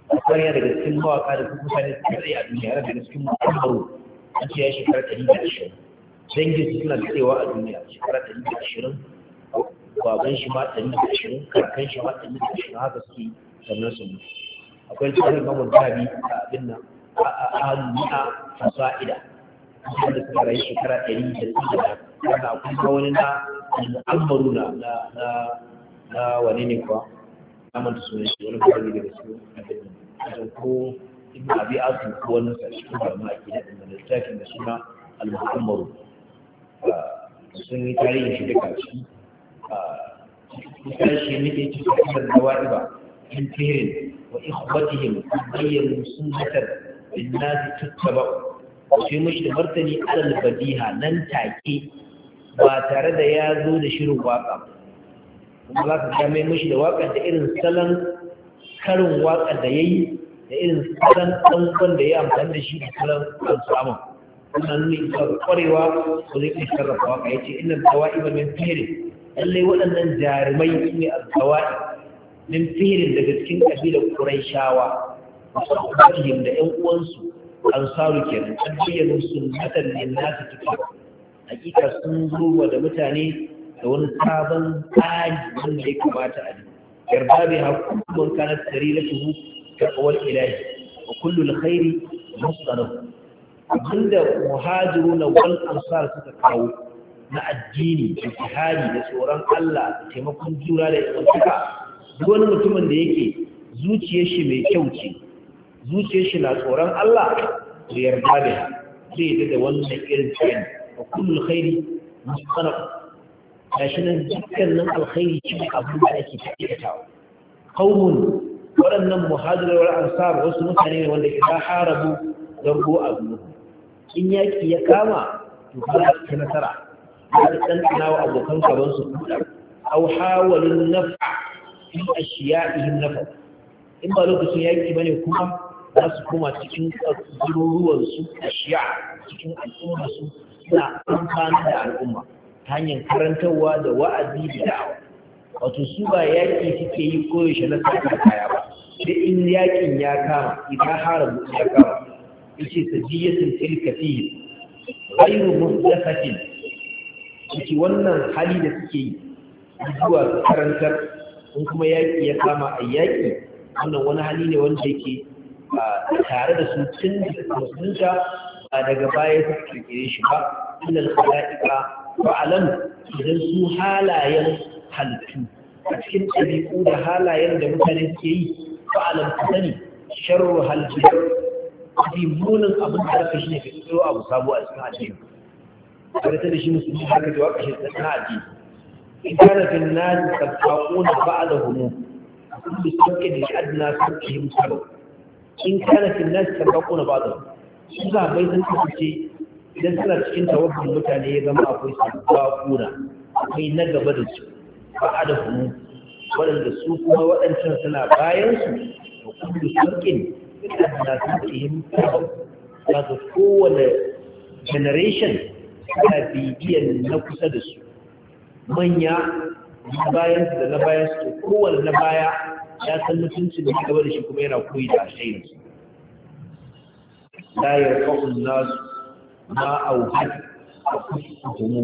akwai yana daga cikin mawaƙa da kuma mutane suka tsaye a duniya yana daga cikin mu'amaru an ce ya shekara ɗari da ashirin dangin su suna tsayewa a duniya shekara ɗari da ashirin baban shi ma ɗari da ashirin kakan shi ma ɗari da ashirin haka suke sannan su mutu akwai tsohon mamun dabi a abin nan a halmiya fasa'ida wanda suka rayu shekara ɗari da ɗari da wanda akwai kawani na al'ammaru na na na wani ne kuwa na manta sunan shi wani kawai daga su abin nan ko ibn abi asim ko wani sashi ko ma da littafin da suna al-muhammaru ah, sun yi tarihin shi duka shi ah, kusan shi ne ke cikin kasar ba in tirin wa ikhwatihim bayyana mashi da martani alal badiha nan take ba tare da ya zo da shirin waka kuma za ka mai mashi da waka da irin salon karin waka da yayi da irin tsaron ɗanɗan da ya amfani da shi da tsaron kan samun wannan nuna isa kwarewa ko zai iya sarrafa waka ya ce ina tawa'i ba min fere lallai waɗannan jarumai su ne a tawa'i min fere daga cikin ƙabilar kurai shawa wasu abubuwan da ‘yan uwansu ansaru kenan an bayyana sunnatan lin nasu tuka hakika sun zuwa da mutane da wani sabon tsari wanda ya kamata a yarda bai hakuman kanar tare da tuhu taqwal ilahi wa kullu alkhairi mustaraf abinda muhajiruna wal ansar suka kawo na addini da jihadi da tsoron Allah taimakon jura da yankuka duk wani mutumin da yake zuciyar shi mai kyau ce zuciyar shi na tsoron Allah da yarda da zai da wannan irin tsayin wa kullu alkhairi mustaraf gashi nan dukkanin alkhairi cikin abin da ake tafiya kawo waɗannan muhajirar ansar wasu mutane ne wanda idan harabu don ko abu in yaki ya kama to kana ta nasara ya dan tana wa abokan gaban su aw hawalun naf'a fi ashiya'ihim naf'a in ba lokacin yaki bane kuma za su koma cikin garuruwan su ashiya cikin al'umma su suna amfani da al'umma ta hanyar karantarwa da wa'azi da da'awa wato su ba yaƙi suke yi koyaushe na saka kaya ba sai in yaƙin ya kama idan harabu ya kama yace sajiyatul tilkafi ghayru muhdathatin yace wannan hali da suke yi zuwa karantar in kuma yaƙi ya kama a yaƙi wannan wani hali ne wanda yake tare da su tun da musulunta ba daga baya su kirkire shi ba ilal khala'iqa fa alam idan su halayen halittu a cikin ɗabi'u da halayen da mutane ke yi fa'alan ku sani sharru halittu mafi munin abin da aka shi ne ka tsoro abu sabo a cikin addini kada ta da shi musulmi haka da waka shi tsakin addini in kana fin ba sabbaƙuna ba'adahumu sun bi sauƙin da shi adina sauƙin musulmi in kana fi nasi tabakuna ba da su za a bai zan sun ce idan suna cikin tawakkul mutane ya zama akwai tabakuna akwai na gaba da su ba'adahu waɗanda su kuma waɗancan suna bayansu da kuma sarkin da adana sarkihim kawo daga kowane generation suna bibiyan na kusa da su manya na bayansu da na bayansu da kowane na baya ya san mutuncin da gaba da shi kuma yana koyi da alshairu la yarfa'un nasu ma auhad a kusa humu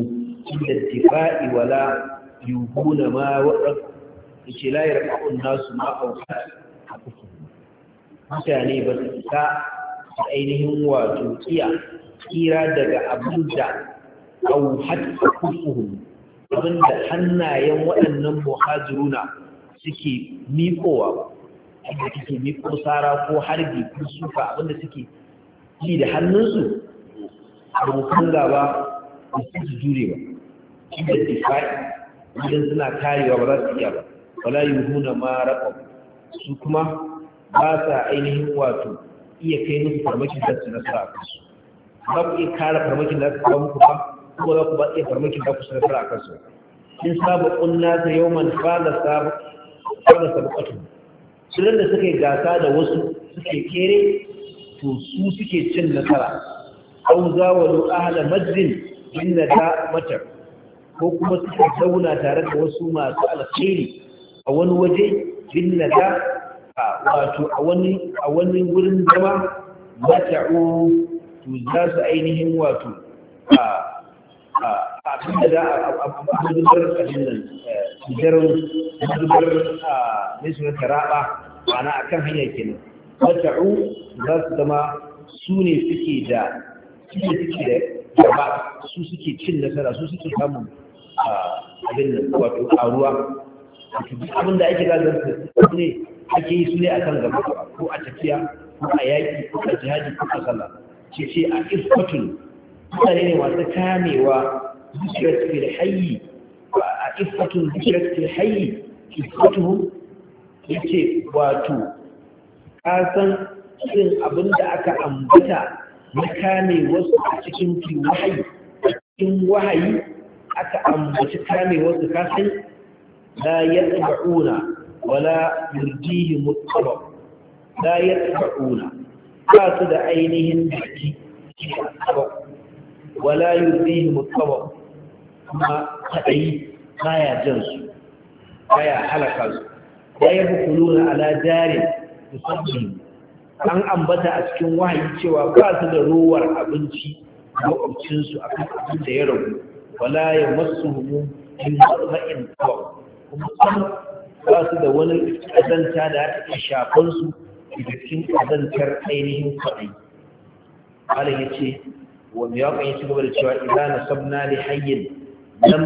inda tifa'i wala yuhuna ma waɗan yace la yarfa'un nasu ma a hakufu mutane ba su isa a ainihin wato kiya kira daga abin da auhat hakufuhum abin da hannayen waɗannan muhajiruna suke miƙowa inda suke miƙo sara ko harbi ko suka abinda suke yi da hannunsu abokan gaba da su jure ba inda difa'i idan suna karewa ba za su iya ba wala yuhuna ma raqab su kuma ba sa ainihin wato iya kai musu farmakin da su nasara a kansu za ku iya kare farmakin da su kawo muku ba kuma za ku ba iya farmakin da ku nasara a kansu in sabu kunna ta yawman fala sabu fala sabqatu sunan da suka yi gasa da wasu suke kere to su suke cin nasara au zawalu ahla majdin inna da matar ko kuma suka zauna tare da wasu masu alkhairi a wani waje bin wato a wani a wani wurin zama mata'u to za su ainihin wato a a abin da za a da abin nan tijar eh, da a nesu taraba ma'ana a kan hanya kenan mata'u za su zama su ne suke da suke da gaba su suke cin nasara su suke samun abin wato karuwa wato duk abin da ake gazar su ne ake yi su ne kan gaba ko a tafiya ko a yaƙi ko a jihadi ko a sallah ce ce a isfatun mutane ne masu kamewa zuciyar fil hayyi a isfatun zuciyar fil hayyi isfatuhum ya ce wato kasan irin abin da aka ambata na kame wasu a cikin wahayi cikin wahayi aka ambaci kamewarsu kafin? da ya tsiba'una wala yurjihi mutaba da ya tsiba'una ba su da ainihin jiki wala yurjihi mutsaba kuma kaɗai baya jan su baya halaka su ya yi hukuluna ala jarin musamman an ambata a cikin wahayi cewa ba su da ruwar abinci makwabcinsu a kan abin da ya rabu. wala ya masu mu in matsayin kawo kuma an ba su da wani azanta da aka iya shafan su daga cikin azantar ainihin kwaɗai malam ya ce wa mai waƙon ya ci gaba da cewa idan na sabna li hayyin lam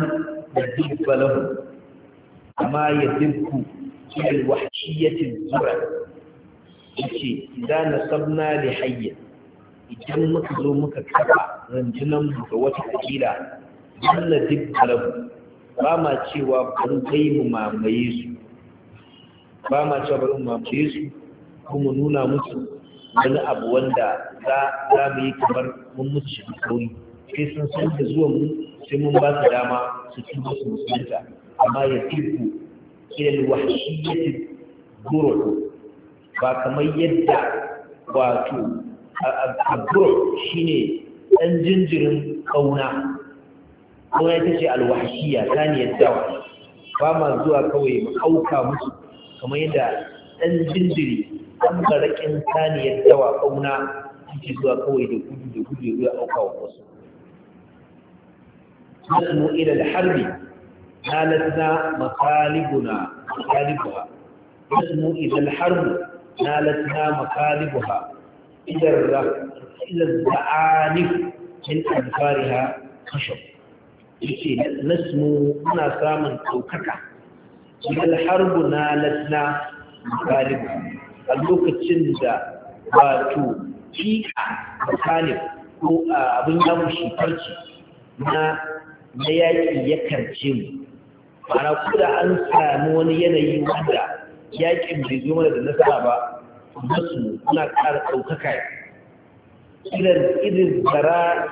da dubba lahu amma ya dubku ilal wahshiyatin zura ce idan na sabna da hayyin idan muka zo muka kafa rundunan mu ga wata kabila jalla duk alabu ba ma cewa bari kai mu mamaye su ba ma cewa bari mu mamaye su kuma nuna musu wani abu wanda za mu yi kamar mun musu shi kawai sai sun san da zuwan mu sai mun ba su dama su ci musu musulunta amma ya tiku ilal wahshiyati guru ba kamar yadda wato a guru shine dan jinjirin kauna kuma ita ce alwahshiya saniyar dawa ba ma zuwa kawai mu auka musu kamar yadda dan jindiri an barakin saniyar dawa ƙauna suke zuwa kawai da gudu da gudu ya auka wa wasu nasu ila alharbi na makalibuna makalibuha nasu ila alharbi nalatna makalibuha idan ra ila za'anif min fariha kashaf yake nasmu muna samun ɗaukaka idan harbu na lasna galib a lokacin da wato fiƙa mukalib ko abin ya shi farci na na yaƙi ya karce mu mana ko an samu wani yanayi wanda yaƙin bai zo mana da nasara ba musu muna ƙara ɗaukaka irin irin zara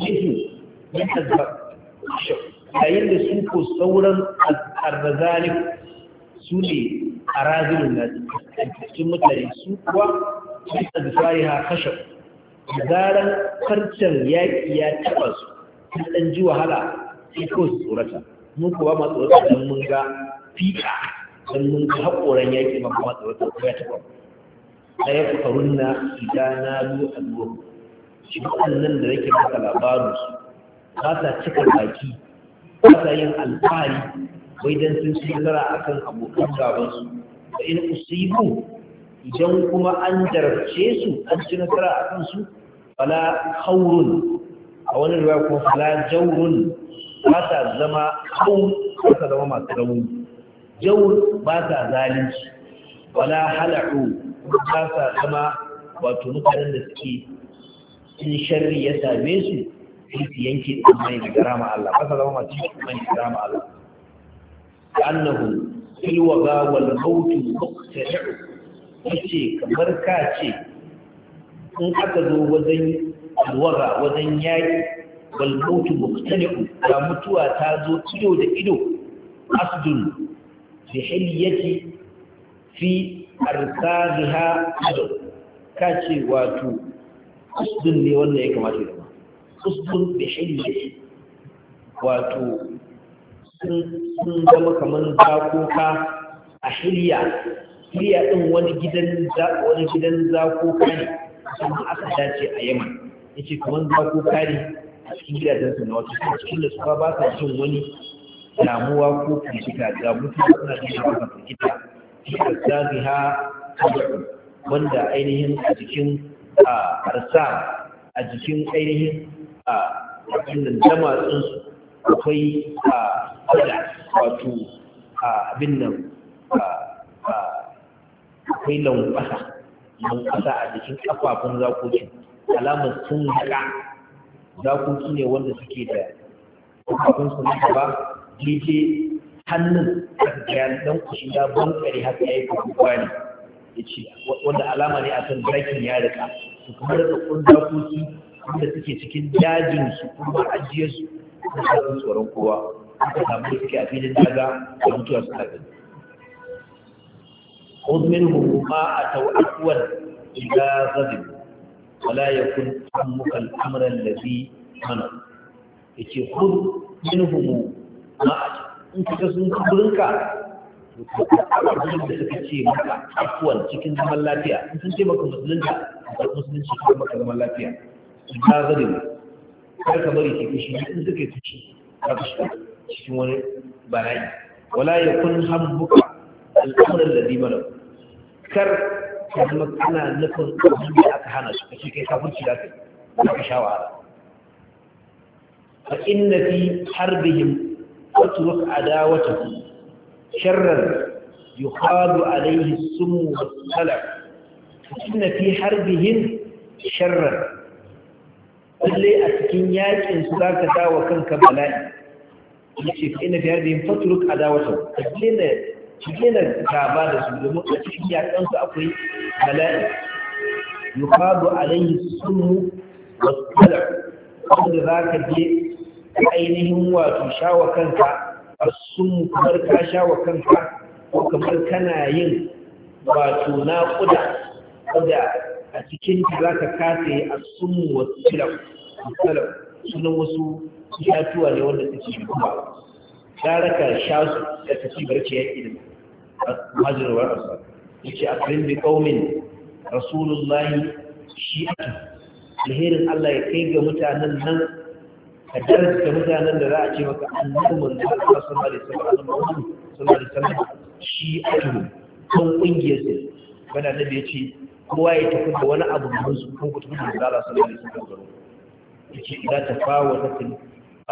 yihu yadda yayin da su ko sauran arzalik su ne a razinin na cikin mutane su kuwa su ta zufari ha kashe da zarar karcen yaƙi ya taɓa su ta ɗan ji wahala sai ko su tsorata mun kuwa ma tsorata don mun ga fiƙa don mun ga haƙoran yaƙi ma kuma tsorata ko ya taɓa a ya faru na idana lu alwuhu shi waɗannan da yake maka labarin su ba sa cika baki ba sa yin alfahari wai dan sun ci nasara kan abokan gabansu da in usibu idan kuma an jarabce su an ci nasara kan su fala haurun a wani ruwa kuma fala jaurun ba sa zama haun ba sa zama masu rauni jaur ba sa zalunci wala hala'u ba sa zama wato mutanen da suke in sharri ya same su sai su yanke tsammani da karama Allah ba sa zama masu tsammani da karama Allah da annahu silwa ga wal mautu muqtadi'u yace kamar ka ce in aka zo wajen alwaga wajen yaki wal mautu muqtadi'u ga mutuwa ta zo ido da ido asdun bi hilyati fi arkaziha adu kace wato asdun ne wannan ya kamata usdur bi hillihi wato sun zama kamar zakoka a shirya shirya ɗin wani gidan wani gidan zakoka ne kuma aka dace a yaman ce kamar zakoka ne a cikin su na wato cikin da suka ba sa jin wani damuwa ko firgita ga mutum suna jin wata firgita shi azabiha tabu wanda ainihin a jikin a arsa a jikin ainihin a wannan su, akwai a kada wato abin nan akwai lankwasa lankwasa a jikin kafafun zakoki alamar sun haka zakoki ne wanda suke da kafafun su na gaba jeje hannun aka ya dan kushi ya bankare haka ya yi kwakwa ne ya ce wanda alama ne a kan zakin ya rika su kuma rika kun zakoki wanda suke cikin dajin su kuma ajiyar su da sabon tsoron kowa aka samu da suke a filin daga da mutuwa suna gani uzmin hukuma a tawakkuwar ila zabin wala ya kun ammuka al'amuran da bi mana ya ce kun min hukuma in kika sun kurinka abin da suka ce maka afuwan cikin zaman lafiya sun ce maka musulunta da musulunci kuma zaman lafiya ba gari kar ka bari ki fushi in suka fushi ka fushi cikin wani bala'i wala ya kun hambuka al'amuran da zima da kar ka zama kana nufin abin da aka hana su kace kai kafirci da kai za ka sha wahala fa inna fi harbihim atruk adawatahu sharran يخاض عليه السم والسلع فإن في حربهم شرا balle a cikin yakin su zaka dawo kanka bala'i yace ina inna fi hadhihi fatruk ka kina kina gaba da su domin a cikin yakan su akwai bala'i yuqadu alayhi sumu wa tala wanda zaka je ainihin wato shawa kanka asumu kamar ka shawa kanka ko kamar kana yin wato naƙuda wanda a cikin ta za ka kafe a sun wasu silam sunan wasu itatuwa ne wanda suke kuma ta raka sha da ta ci barci yaƙi da majalwar asa ya ce a karin bi ƙaumin rasulullahi shi'atu alherin allah ya kai ga mutanen nan ka darasa mutanen da za a ce maka annabin da Allah sallallahu alaihi wasallam sallallahu alaihi wasallam shi'atu kan kungiyar sa bana nabi ya ce kowa ya tafi da wani abu da su kan kutu da zala su da su garo yace idan ta fawo ta tin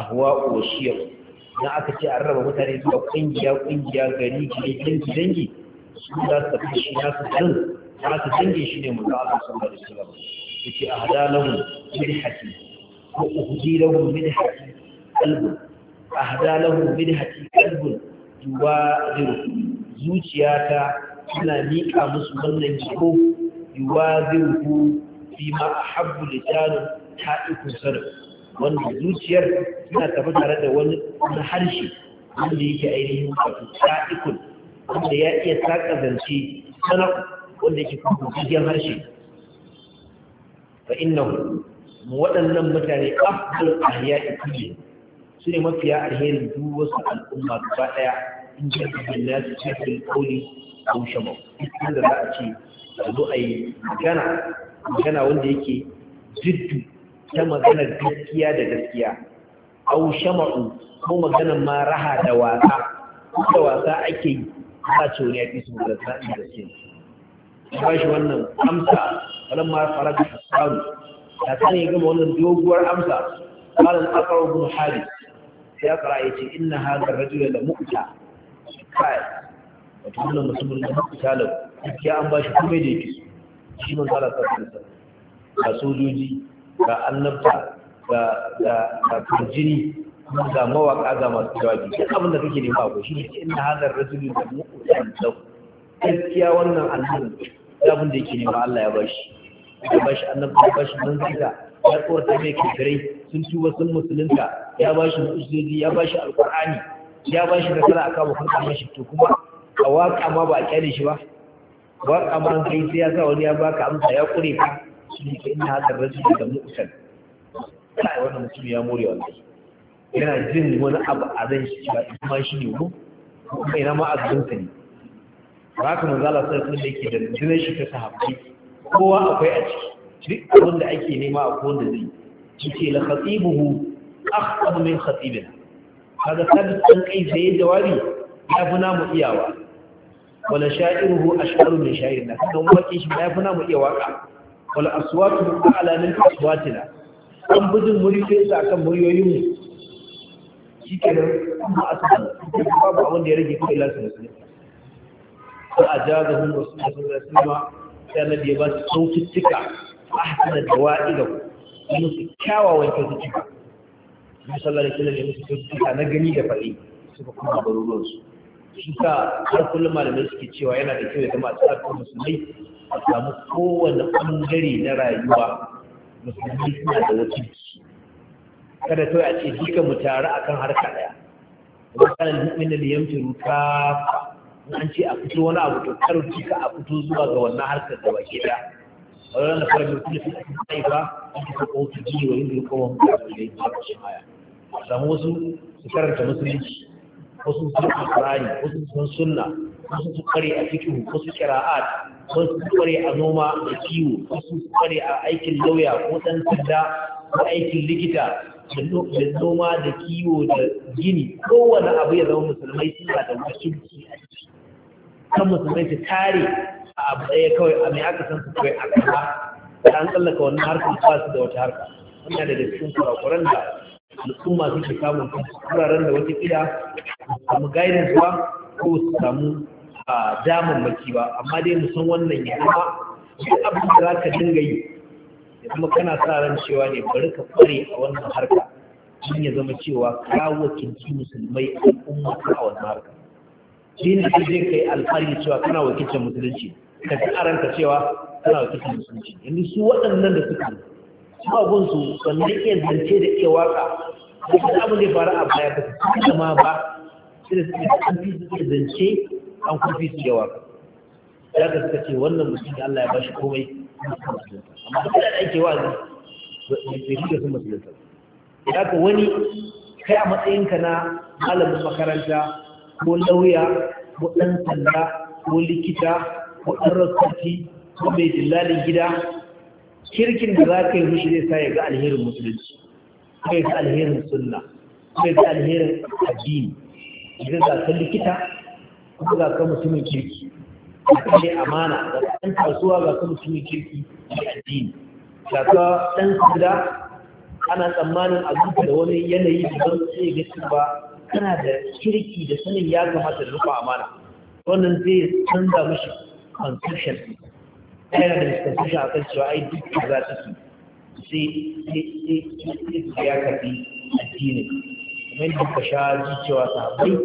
ahwa wa shiyar dan aka ce an raba mutane zuwa kungiya kungiya gari gari dangi dangi su da su tafi shi na su dan za su dangi shi ne manzo Allah sallallahu alaihi wasallam yace ahdalahu min haki ko uhdilahu min hakim qalbun ahdalahu min hakim qalbun duwa ta? tana miƙa musu wannan jiko yuwaziruhu fi ma ahabbu lisanun ta'ikun sanin wanda zuciyar suna tafi tare da wani harshe wanda yake ainihin wato ta'ikun wanda ya iya saka zance sana wanda yake kuma jirgin harshe fa innahu waɗannan mutane afdal ahya'i kulli su ne mafiya alherin duk wasu al'umma gaba ɗaya in ji da nasu cikin kauli ko shamau da za a ce zo a yi magana magana wanda yake jiddu ta maganar gaskiya da gaskiya au shama'u ko magana ma raha da wasa da wasa ake yi ba ce wani su da sa'in da ce ba shi wannan amsa wannan ma fara da da kan ya gama wannan doguwar amsa malam akar ibn sai ya fara yace inna hadha rajula la mu'ta kai wato wannan musulmin da haka talar ya an ba shi kome da yake shi man tsara tsarsa ga sojoji ga annabta ga kurjini ga mawaka ga masu jawabi duk abin da kake nema ko shi ne in na hadar rajulun da da lau gaskiya wannan annabi abin da yake nema Allah ya bashi ya bashi Annabta, ya bashi manzika ya tsorta mai kirkirai sun tuba sun musulunta ya bashi mu'ujizoji ya bashi alkur'ani ya bashi nasara a mutum shi to kuma a waka ma ba a kyale shi ba waka ma kai sai ya sa wani ya baka amsa ya kure ka shi ke ina haka rasu da ta yi wannan mutum ya more wallahi yana jin wani abu a zan shi ba ina ma shi ne ko kuma ina ma a zan ne ba ka maza Allah sai kun da yake da jinin shi ta sahabbai kowa akwai a ciki duk abin da ake nema a kowanne zai yi ce la khatibuhu akhtabu min khatibina kaga kan kai sai jawabi ya fi namu iyawa wala sha'iruhu ashharu min sha'irina kuma wakin shi ya fina mu iya waka wala aswatu a'la min aswatina an bujin muryoyin sa akan muryoyin mu shikenan amma asali babu abin da ya rage kai lasu da sunan fa ajazahum rasulullahi sallallahu alaihi wasallam sai annabi ya ba su sautittika ahsana dawa'ida musu kyawawan kyaututtuka Musallar da kila ne musu kyaututtuka na gani da faɗi suka kuma baruruwansu. shi har kullum malamai suke cewa yana da kyau ya zama a musulmai a samu kowane ɓangare na rayuwa musulmai suna da wakilci kada kawai a ce duka mu tare akan harka ɗaya kuma kana mu'min da yamtiru ka an ce a fito wani abu to kar duka a fito zuwa ga wannan harkar da baki ɗaya wadanda na fara mutum da suke haifa a ta kawo su ji wa yin da kuma da ya a samu wasu su karanta musulunci wasu sun ƙarari wasu sun sunna wasu su kare a fiki wasu kira'at wasu su kare a noma da kiwo wasu su kare a aikin lauya ko ɗan sanda ko aikin likita da noma da kiwo da gini kowane abu ya zama musulmai suna da wakilci a ciki kan musulmai su kare a abu ɗaya kawai a mai aka san su kawai a ƙasa da an tsallaka wannan harkar ba da wata harka wannan da cikin kurakuran da al'umma suke samun wuraren da wata kila samu guidance zuwa ko su samu damar maki ba amma dai mu san wannan ya zama duk abin da za ka dinga yi ya zama kana sa ran cewa ne bari ka fare a wannan harka shin ya zama cewa kawo wakilci musulmai a ka a wannan harka shi ne je zai kai alfahari cewa kana wakilcin musulunci ka ji a cewa kana wakilcin musulunci yanzu su waɗannan da suka abun su sannan iya zance da iya waka da kuma abin da faru a baya ba su ma ba shi da suke an fi suke zance an kuma fi su iya waka ya ka suka ce wannan mutum da Allah ya bashi komai amma duk da ake wa'azi zai fi da sun musulunta ya ka wani kai a matsayinka na malamin makaranta ko lauya ko ɗan sanda ko likita ko ɗan rasarci ko mai dillalin gida kirkin da za ka yi mushi zai sa ya ga alherin musulunci ko ya ga alherin sunna ko ya ga alherin addini idan za ka likita ko za ka mutumin kirki kan yi amana ga ɗan kasuwa ga kan mutumin kirki da addini ga ka ɗan sanda ana tsammanin a da wani yanayi da zan sai ga ba kana da kirki da sanin ya kamata da rufa amana wannan zai canza mashi conception A yana da dispensation a kan cewa ai duk da za su su sai ya kafi addini kamar yadda ka sha ji cewa sahabbai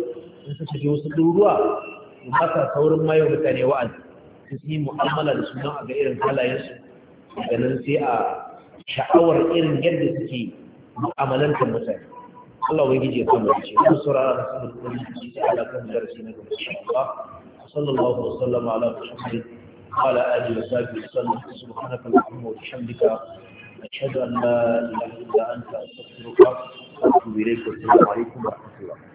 in suka je wasu ɗuruwa ba sa saurin mayo mutane wa'azi su yi mu'amala da sunan a ga irin halayensu daga nan sai a sha'awar irin yadda suke mu'amalantar mutane Allah wai gije kan mai ce ku saurara da sunan da shi ta alaƙar darasi na gaba insha Allah sallallahu alaihi wa sallam ala muhammadin قال آله وصحبه وسلم سبحانك اللهم وبحمدك أشهد أن لا إله إلا أنت أستغفرك وأتوب إليك والسلام عليكم ورحمة الله